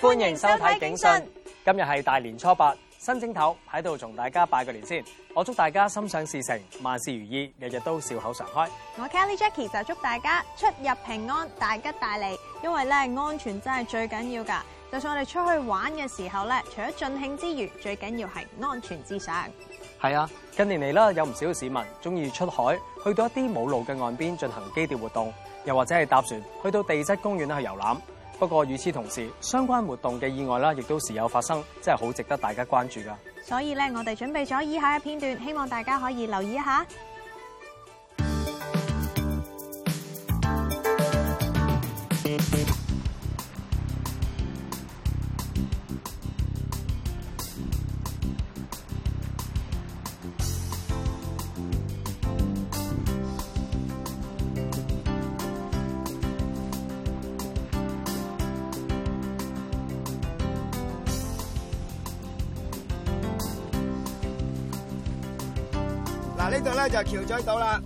歡迎收睇《警訊》，今日係大年初八。新正頭喺度同大家拜個年先，我祝大家心想事成，萬事如意，日日都笑口常開。我 Kelly Jackie 就祝大家出入平安，大吉大利，因為咧安全真係最緊要噶就算我哋出去玩嘅時候咧，除咗盡興之餘，最緊要係安全至上。係啊，近年嚟啦，有唔少市民中意出海，去到一啲冇路嘅岸邊進行磯釣活動，又或者係搭船去到地質公園去遊覽。不過，與此同時，相關活動嘅意外啦，亦都時有發生，真係好值得大家關注㗎。所以呢，我哋準備咗以下嘅片段，希望大家可以留意一下。啊、這呢度咧就橋咀島啦，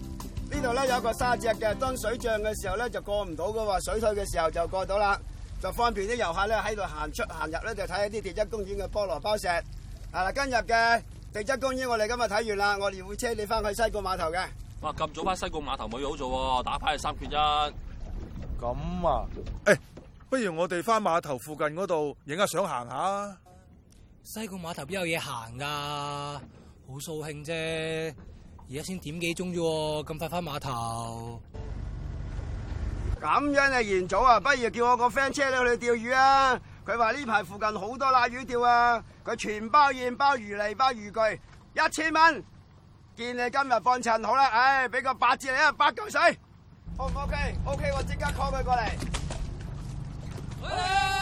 呢度咧有個沙脊嘅，當水漲嘅時候咧就過唔到噶喎，水退嘅時候就過到啦，就方便啲遊客咧喺度行出行入咧就睇下啲地質公園嘅菠蘿包石。係、啊、啦，今日嘅地質公園我哋今日睇完啦，我哋會車你翻去西貢碼頭嘅。哇，咁早翻西貢碼頭冇嘢好做喎、啊，打牌係三缺一。咁啊，誒、欸，不如我哋翻碼頭附近嗰度影下相行下。西貢碼頭邊有嘢行啊？好掃興啫。而家先點幾鐘啫，咁快翻碼頭？咁樣啊，嫌早啊，不如叫我個 friend 車你去釣魚啊！佢話呢排附近好多瀨魚釣啊，佢全包現包魚餌、包漁具，一千蚊。見你今日幫襯，好啦，唉、哎，俾個八折你，八水 OK? OK 啊！八舊水。O 唔 OK？OK，我即刻 call 佢過嚟。哎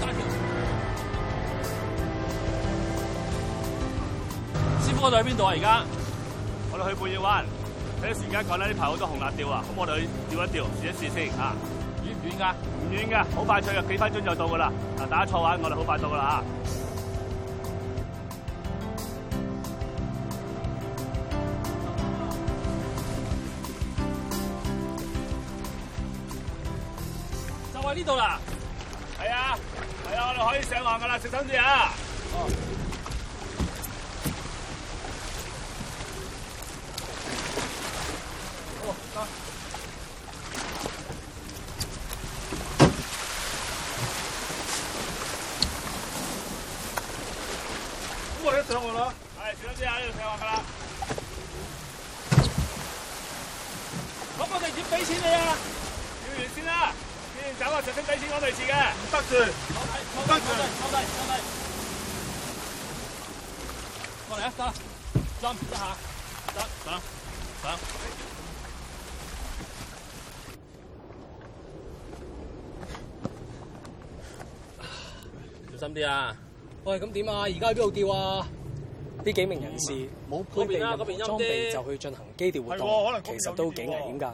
師傅，師傅，我哋去邊度啊？而家我哋去半月灣。突然之間講咧，呢排好多紅辣釣啊！咁我哋去釣一釣，試一試先啊。遠唔遠噶？唔遠噶，好快脆，有幾分鐘就到噶啦。嗱，大家坐穩，我哋好快到噶啦。啊、就係呢度啦。我可以上岸㗎喇，小心啲啊！好！哦，好！我喺上岸咯，係小心啲啊！又上岸㗎喇。攞我地址俾錢你啊！釣完先啦，先走啊！就算俾錢攞地址嘅，唔得住。.快啲！快啲！快啲！快啲！過嚟啊！揸，上，下，上，上，上。小心啲啊！喂，咁點啊？而家喺邊度釣啊？呢幾名人士冇配備裝備就去進行基釣活動，其實都幾危險㗎。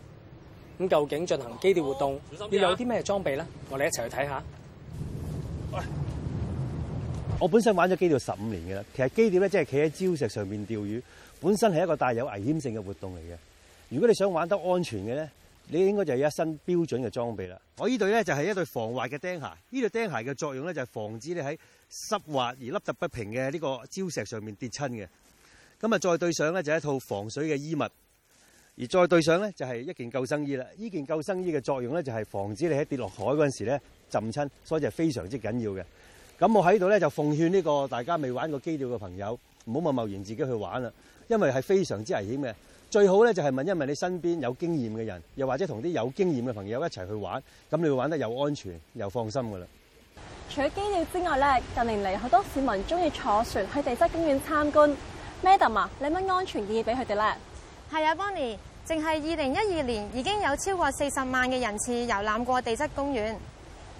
咁究竟進行基釣活動要有啲咩裝備咧？我哋一齊去睇下。我本身玩咗磯釣十五年嘅啦，其實磯釣咧即係企喺礁石上面釣魚，本身係一個帶有危險性嘅活動嚟嘅。如果你想玩得安全嘅咧，你應該就係一身標準嘅裝備啦。我這呢對咧就係、是、一對防滑嘅釘鞋，呢對釘鞋嘅作用咧就係、是、防止你喺濕滑而凹凸不平嘅呢個礁石上面跌親嘅。噉再對上咧就係、是、一套防水嘅衣物。而再對上咧，就係一件救生衣啦。呢件救生衣嘅作用咧，就係防止你喺跌落海嗰時咧浸親，所以就非常之緊要嘅。咁我喺度咧就奉勸呢個大家未玩過磯釣嘅朋友，唔好咁貿然自己去玩啦，因為係非常之危險嘅。最好咧就係問一問你身邊有經驗嘅人，又或者同啲有經驗嘅朋友一齊去玩，咁你會玩得又安全又放心噶啦。除咗磯釣之外咧，近年嚟好多市民中意坐船去地質公園參觀。Madam 啊，你乜安全建議俾佢哋咧？係啊，Bonnie，淨係二零一二年已經有超過四十萬嘅人次遊覽過地質公園。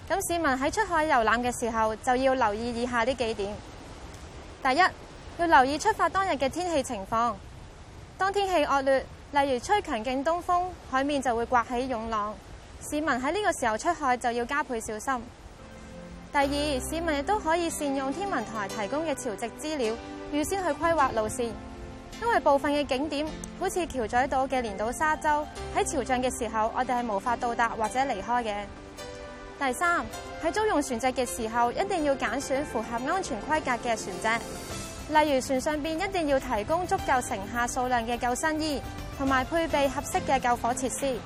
咁市民喺出海遊覽嘅時候，就要留意以下呢幾點。第一，要留意出發當日嘅天氣情況。當天氣惡劣，例如吹強勁東風，海面就會颳起湧浪，市民喺呢個時候出海就要加倍小心。第二，市民亦都可以善用天文台提供嘅潮汐資料，預先去規劃路線。因為部分嘅景點，好似橋咀島嘅連島沙洲，喺潮漲嘅時候，我哋係無法到達或者離開嘅。第三，喺租用船隻嘅時候，一定要揀選，選符合安全規格嘅船隻。例如，船上邊一定要提供足夠乘客數量嘅救生衣，同埋配備合適嘅救火設施。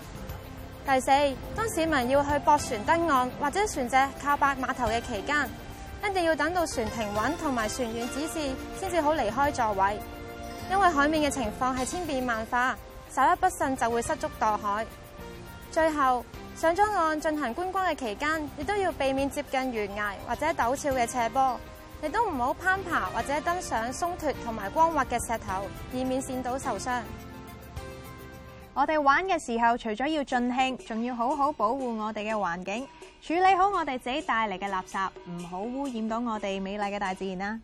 第四，當市民要去駁船登岸或者船隻靠泊碼頭嘅期間，一定要等到船停穩同埋船員指示，先至好離開座位。因為海面嘅情況係千變萬化，稍一不慎就會失足墮海。最後上咗岸進行觀光嘅期間，亦都要避免接近懸崖或者陡峭嘅斜坡，亦都唔好攀爬或者登上鬆脱同埋光滑嘅石頭，以免跣到受傷。我哋玩嘅時候，除咗要盡興，仲要好好保護我哋嘅環境，處理好我哋自己帶嚟嘅垃圾，唔好污染到我哋美麗嘅大自然啦。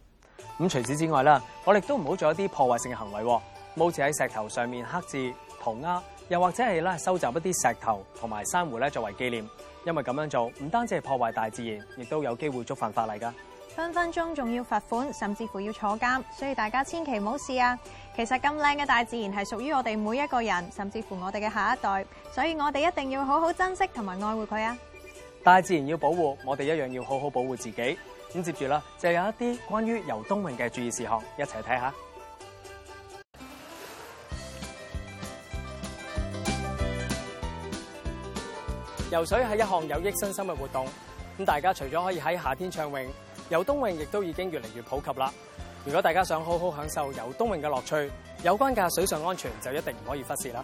咁除此之外啦，我哋都唔好做一啲破壞性嘅行為，好似喺石頭上面刻字、塗鴉，又或者係啦收集一啲石頭同埋珊瑚咧作為紀念，因為咁樣做唔單止係破壞大自然，亦都有機會觸犯法例㗎。分分鐘仲要罰款，甚至乎要坐監，所以大家千祈唔好試啊！其實咁靚嘅大自然係屬於我哋每一個人，甚至乎我哋嘅下一代，所以我哋一定要好好珍惜同埋愛護佢啊！大自然要保護，我哋一樣要好好保護自己。咁接住啦，就有一啲關於游冬泳嘅注意事項，一齊睇下。游水係一項有益身心嘅活動，咁大家除咗可以喺夏天暢泳，游冬泳亦都已經越嚟越普及啦。如果大家想好好享受游冬泳嘅樂趣，有關嘅水上安全就一定唔可以忽視啦。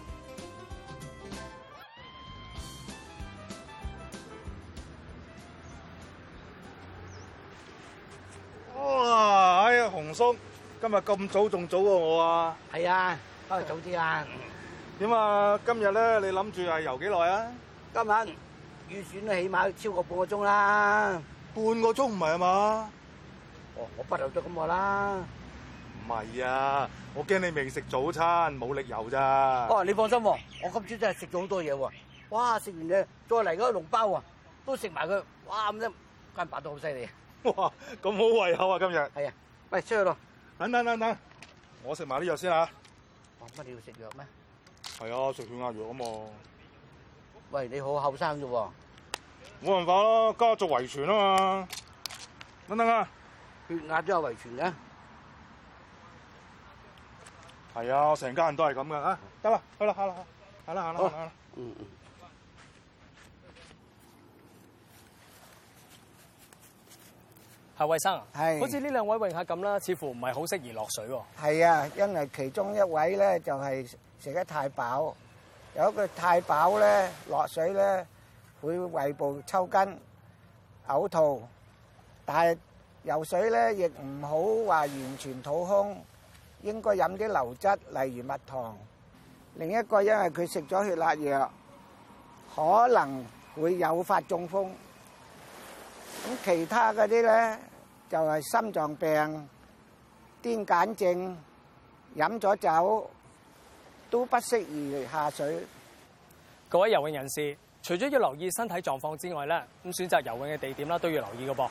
咁早仲早過我啊！係啊，都係早啲啦。點啊？今日咧，你諗住係游幾耐啊？今晚預算都起碼超過半個鐘啦。半個鐘唔係啊嘛？哦，我不由得咁話啦。唔係啊，我驚你未食早餐，冇力游咋。哦，你放心喎，我今朝真係食咗好多嘢喎。哇，食完嘢再嚟嗰個籠包啊，都食埋佢哇咁樣，筋拔到好犀利。哇！咁好胃口啊，今日。係啊，喂，出去咯。等等等等，我食埋啲藥先啊。哦，乜你要食藥咩？係啊，食血壓藥啊嘛。喂，你好後生嘅喎。冇辦法咯，家族遺傳啊嘛。等等啊，血壓都有遺傳嘅。係啊，成家人都係咁嘅啊。得啦好，去啦，去啦，去啦，行啦，行啦，行啦。嗯好嗯。係衛生是好似呢兩位泳客咁啦，似乎唔係好適宜落水喎。係啊，因為其中一位咧就係、是、食得太飽，有一個太飽咧落水咧會胃部抽筋、嘔吐，但係游水咧亦唔好話完全肚空，應該飲啲流質，例如蜜糖。另一個因為佢食咗血壓藥，可能會誘發中風。咁其他嗰啲咧就係、是、心臟病、癲癇症、飲咗酒都不適宜下水。各位游泳人士，除咗要留意身體狀況之外咧，咁選擇游泳嘅地點啦都要留意噶噃。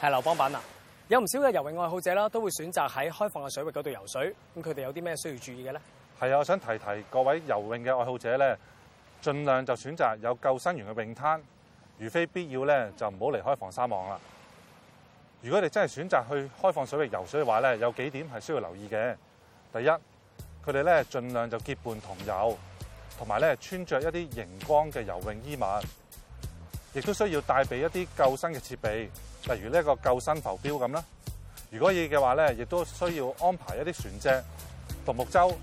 係劉邦品啊，有唔少嘅游泳愛好者啦，都會選擇喺開放嘅水域嗰度游水。咁佢哋有啲咩需要注意嘅咧？係啊，我想提提各位游泳嘅愛好者咧，盡量就選擇有救生員嘅泳灘。如非必要咧，就唔好離開防沙網啦。如果你真係選擇去開放水域游水嘅話咧，有幾點係需要留意嘅。第一，佢哋咧盡量就結伴同游，同埋咧穿着一啲熒光嘅游泳衣物，亦都需要帶備一啲救生嘅設備，例如呢一個救生浮標咁啦。如果要嘅話咧，亦都需要安排一啲船隻、獨木舟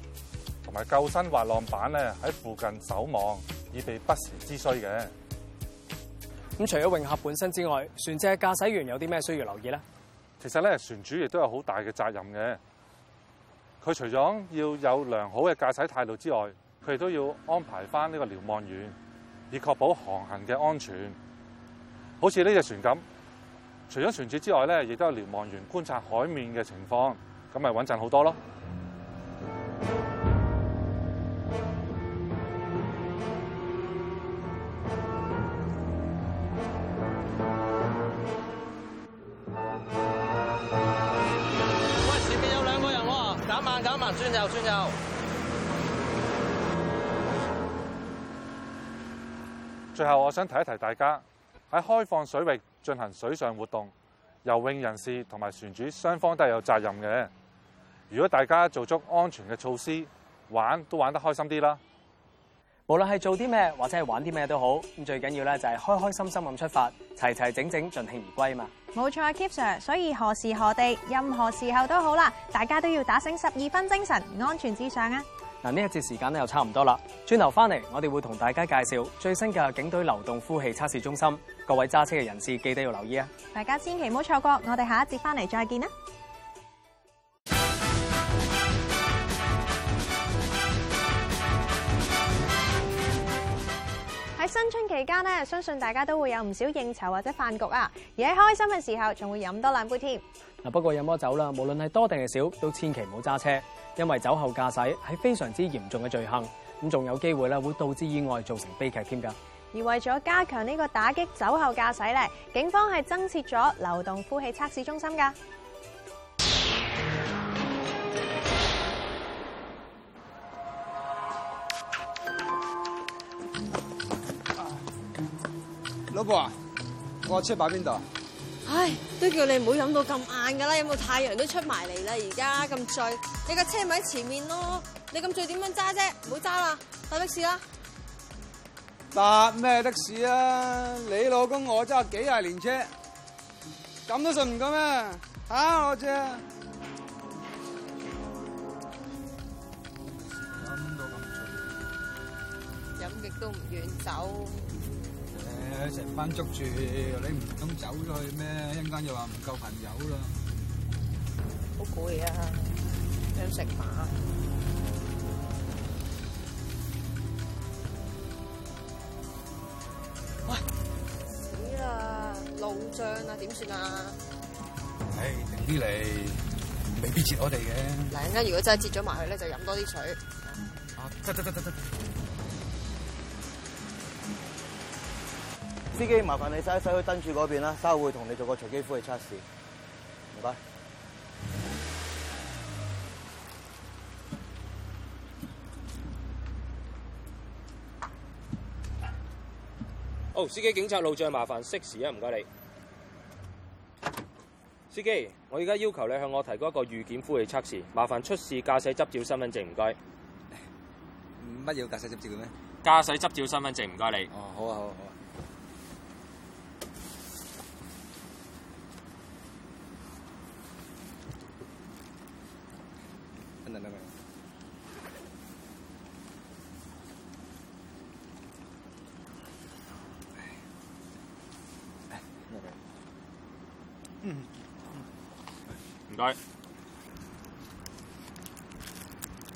同埋救生滑浪板咧喺附近守望，以備不時之需嘅。咁除咗泳客本身之外，船隻駕駛員有啲咩需要留意咧？其實咧，船主亦都有好大嘅責任嘅。佢除咗要有良好嘅駕駛態度之外，佢亦都要安排翻呢個瞭望員，以確保航行嘅安全。好似呢隻船咁，除咗船主之外咧，亦都有瞭望員觀察海面嘅情況，咁咪穩陣好多咯。尊右，尊右最後，我想提一提大家喺開放水域進行水上活動，游泳人士同埋船主雙方都係有責任嘅。如果大家做足安全嘅措施，玩都玩得開心啲啦。無論係做啲咩或者係玩啲咩都好，咁最緊要咧就係開開心心咁出發，齊齊整整盡興而歸嘛，冇錯，Keep Sir，所以何時何地，任何時候都好啦，大家都要打醒十二分精神，安全至上啊！嗱，呢一節時間咧又差唔多啦，轉頭翻嚟，我哋會同大家介紹最新嘅警隊流動呼氣測試中心。各位揸車嘅人士記得要留意啊！大家千祈唔好錯過，我哋下一節翻嚟再見啦！喺新春期間咧，相信大家都會有唔少應酬或者飯局啊，而喺開心嘅時候還喝，仲會飲多兩杯添。嗱，不過飲咗酒啦，無論係多定係少，都千祈唔好揸車，因為酒後駕駛係非常之嚴重嘅罪行，咁仲有機會咧會導致意外造成悲劇添噶。而為咗加強呢個打擊酒後駕駛咧，警方係增設咗流動呼氣測試中心噶。老婆啊，我車擺邊度啊？唉，都叫你唔好飲到咁晏噶啦，飲到太陽都出埋嚟啦。而家咁醉，你個車咪喺前面咯。你咁醉點樣揸啫？唔好揸啦，搭的士啦。搭咩的士啊？你老公我揸幾廿年車，咁都信唔過咩？吓，我知啊。飲到咁醉，飲極都唔願走。成班捉住，你唔敢走咗去咩？一陣間又話唔夠朋友啦，好攰啊！想食飯。喂，死啦，路障啊，點算啊？唉，定啲嚟，未必截我哋嘅。嗱，一陣間如果真係截咗埋去咧，就飲多啲水。啊！得得得得得！司機，麻煩你駛一駛去燈柱嗰邊啦，稍後會同你做個隨機呼氣測試。唔該。哦，oh, 司機，警察路障，麻煩熄匙啊！唔該你。司機，我而家要求你向我提供一個預檢呼氣測試，麻煩出示駕駛執照、身份證。唔該。乜要駕駛執照嘅咩？駕駛執照、身份證，唔該你。哦，oh, 好啊，好啊，好啊。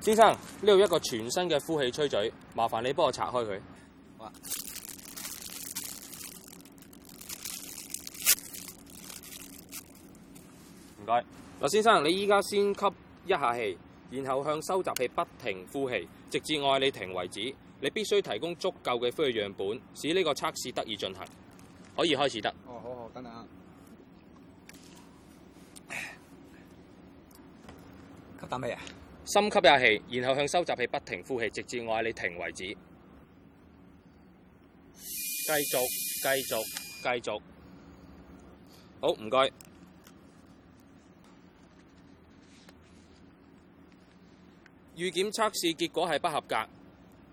先生，呢度一個全新嘅呼氣吹嘴，麻煩你幫我拆開佢。唔該。好啊。嗱，先生，你依家先吸一下氣，然後向收集器不停呼氣，直至我嗌你停為止。你必須提供足夠嘅呼氣樣本，使呢個測試得以進行。可以開始得。做深吸一口氣，然後向收集器不停呼氣，直至我嗌你停為止。繼續，繼續，繼續。好，唔該。預檢測試結果係不合格，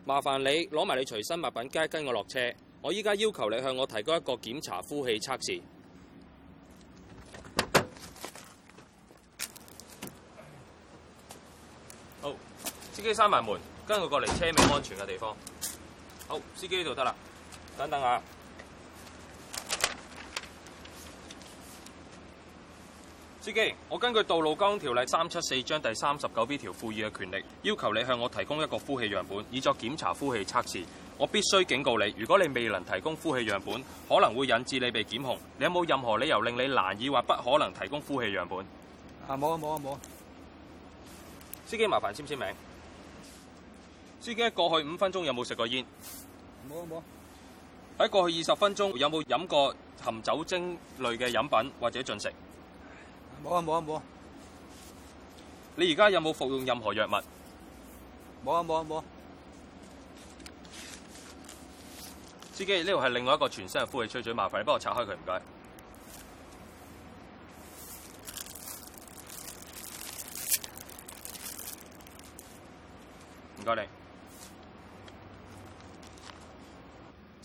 麻煩你攞埋你隨身物品，跟跟我落車。我依家要求你向我提供一個檢查呼氣測試。司機閂埋門，跟佢過嚟，車尾安全嘅地方。好，司機呢度得啦。等等啊，司機，我根據《道路交通條例》三七四章第三十九 B 條賦予嘅權力，要求你向我提供一個呼氣樣本，以作檢查呼氣測試。我必須警告你，如果你未能提供呼氣樣本，可能會引致你被檢控。你有冇任何理由令你難以或不可能提供呼氣樣本？啊，冇啊，冇啊，冇啊。司機，麻煩簽唔簽名？司機過去五分鐘有冇食過煙？冇啊，冇啊！喺過去二十分鐘有冇飲過含酒精類嘅飲品或者進食？冇啊，冇啊，冇啊！你而家有冇服用任何藥物？冇啊，冇啊，冇啊！司機，呢度係另外一個全新嘅呼氣吹嘴，麻煩你幫我拆開佢唔該。唔該你。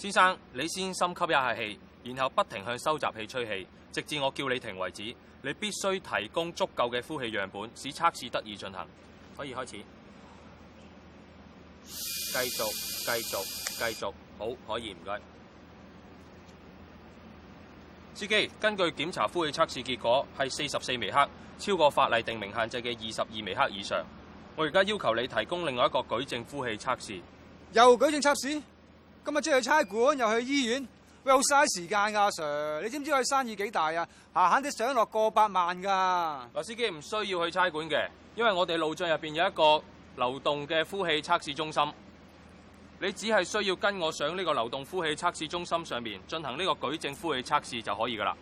先生，你先深吸一下氣，然後不停向收集器吹氣，直至我叫你停為止。你必須提供足夠嘅呼氣樣本，使測試得以進行。可以開始，繼續，繼續，繼續。好，可以唔該。謝謝司機，根據檢查呼氣測試結果係四十四微克，超過法例定明限制嘅二十二微克以上。我而家要求你提供另外一個舉證呼氣測試。又舉證測試？今日即係去差館，又去醫院，喂，好嘥時間噶阿 Sir！你知唔知佢生意幾大啊？下下啲上落過百萬噶。羅司機唔需要去差館嘅，因為我哋路障入邊有一個流動嘅呼氣測試中心，你只係需要跟我上呢個流動呼氣測試中心上面進行呢個舉證呼氣測試就可以噶啦。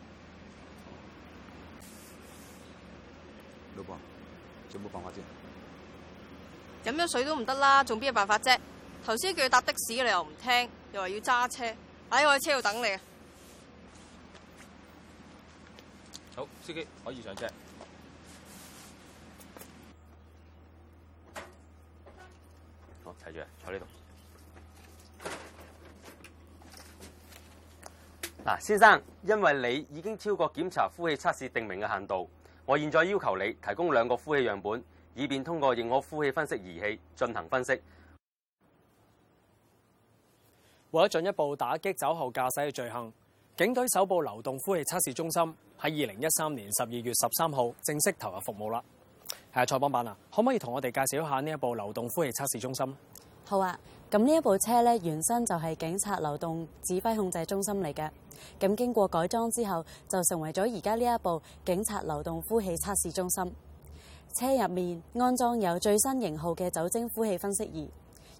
老婆，仲冇辦法啫？飲咗水都唔得啦，仲邊有辦法啫？頭先叫你搭的士，你又唔聽，又話要揸車，哎，我喺車度等你。好，司機可以上車。好，睇住，坐呢度。嗱，先生，因為你已經超過檢查呼氣測試訂明嘅限度，我現在要求你提供兩個呼氣樣本，以便通過認可呼氣分析儀器進行分析。為咗進一步打擊酒後駕駛嘅罪行，警隊首部流動呼氣測試中心喺二零一三年十二月十三號正式投入服務啦。係啊蔡幫辦啊，可唔可以同我哋介紹一下呢一部流動呼氣測試中心？好啊，咁呢一部車咧原身就係警察流動指揮控制中心嚟嘅，咁經過改裝之後就成為咗而家呢一部警察流動呼氣測試中心。車入面安裝有最新型號嘅酒精呼氣分析儀。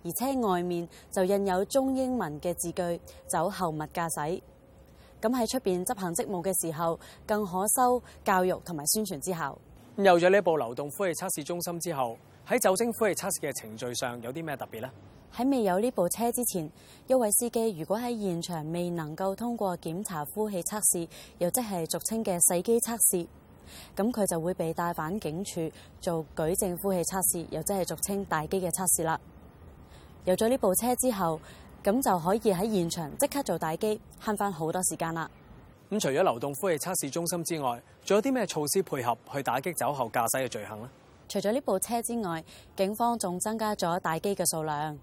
而車外面就印有中英文嘅字句，酒後勿駕駛。咁喺出邊執行職務嘅時候，更可收教育同埋宣傳之效。有咗呢部流動呼氣測試中心之後，喺酒精呼氣測試嘅程序上有啲咩特別呢？喺未有呢部車之前，一位司機如果喺現場未能夠通過檢查呼氣測試，又即係俗稱嘅細機測試，咁佢就會被帶返警署做舉證呼氣測試，又即係俗稱大機嘅測試啦。有咗呢部車之後，咁就可以喺現場即刻做大機，慳翻好多時間啦。咁除咗流動呼氣測試中心之外，仲有啲咩措施配合去打擊酒後駕駛嘅罪行呢？除咗呢部車之外，警方仲增加咗大機嘅數量。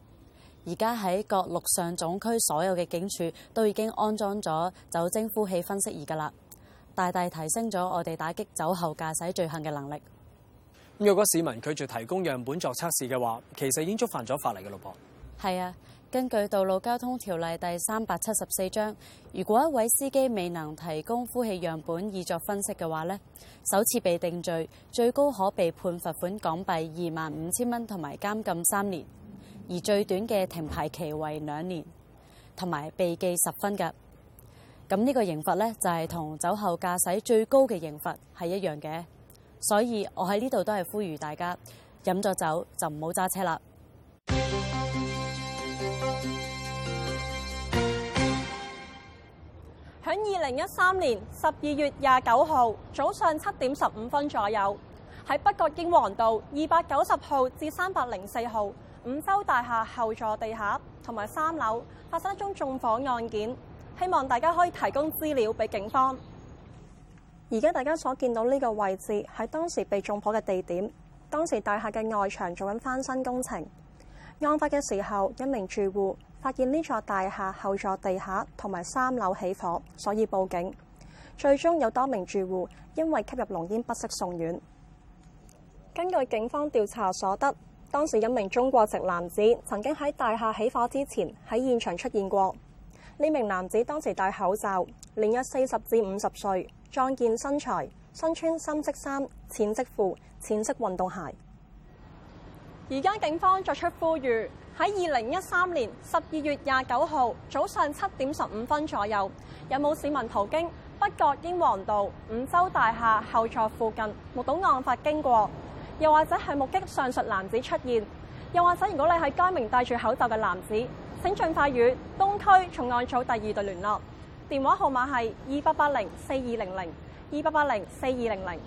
而家喺各陸上總區所有嘅警署都已經安裝咗酒精呼氣分析儀噶啦，大大提升咗我哋打擊酒後駕駛罪行嘅能力。咁如果市民拒絕提供樣本作測試嘅話，其實已經觸犯咗法例嘅，老婆。係啊，根據道路交通條例第三百七十四章，如果一位司機未能提供呼氣樣本以作分析嘅話呢，首次被定罪，最高可被判罰款港幣二萬五千蚊同埋監禁三年，而最短嘅停牌期為兩年，同埋被記十分嘅。咁呢個刑罰呢，就係同酒後駕駛最高嘅刑罰係一樣嘅，所以我喺呢度都係呼籲大家飲咗酒就唔好揸車啦。二零一三年十二月廿九號早上七點十五分左右，喺北角英皇道二百九十號至三百零四號五洲大廈後座地下同埋三樓發生一宗縱火案件，希望大家可以提供資料俾警方。而家大家所見到呢個位置喺當時被縱火嘅地點，當時大廈嘅外牆做緊翻新工程。案發嘅時候，一名住戶。發現呢座大廈後座地下同埋三樓起火，所以報警。最終有多名住戶因為吸入濃煙不適送院。根據警方調查所得，當時一名中國籍男子曾經喺大廈起火之前喺現場出現過。呢名男子當時戴口罩，年約四十至五十歲，壯健身材，身穿深色衫、淺色褲、淺色運動鞋。而家警方作出呼籲。喺二零一三年十二月廿九號早上七點十五分左右，有冇市民途經北角英皇道五洲大廈後座附近，目睹案發經過？又或者係目擊上述男子出現？又或者如果你係該名戴住口罩嘅男子，請盡快與東區重案組第二隊聯絡，電話號碼係二八八零四二零零二八八零四二零零。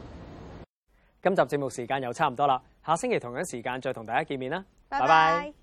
今集節目時間又差唔多啦，下星期同樣時間再同大家見面啦，拜拜 bye。Bye bye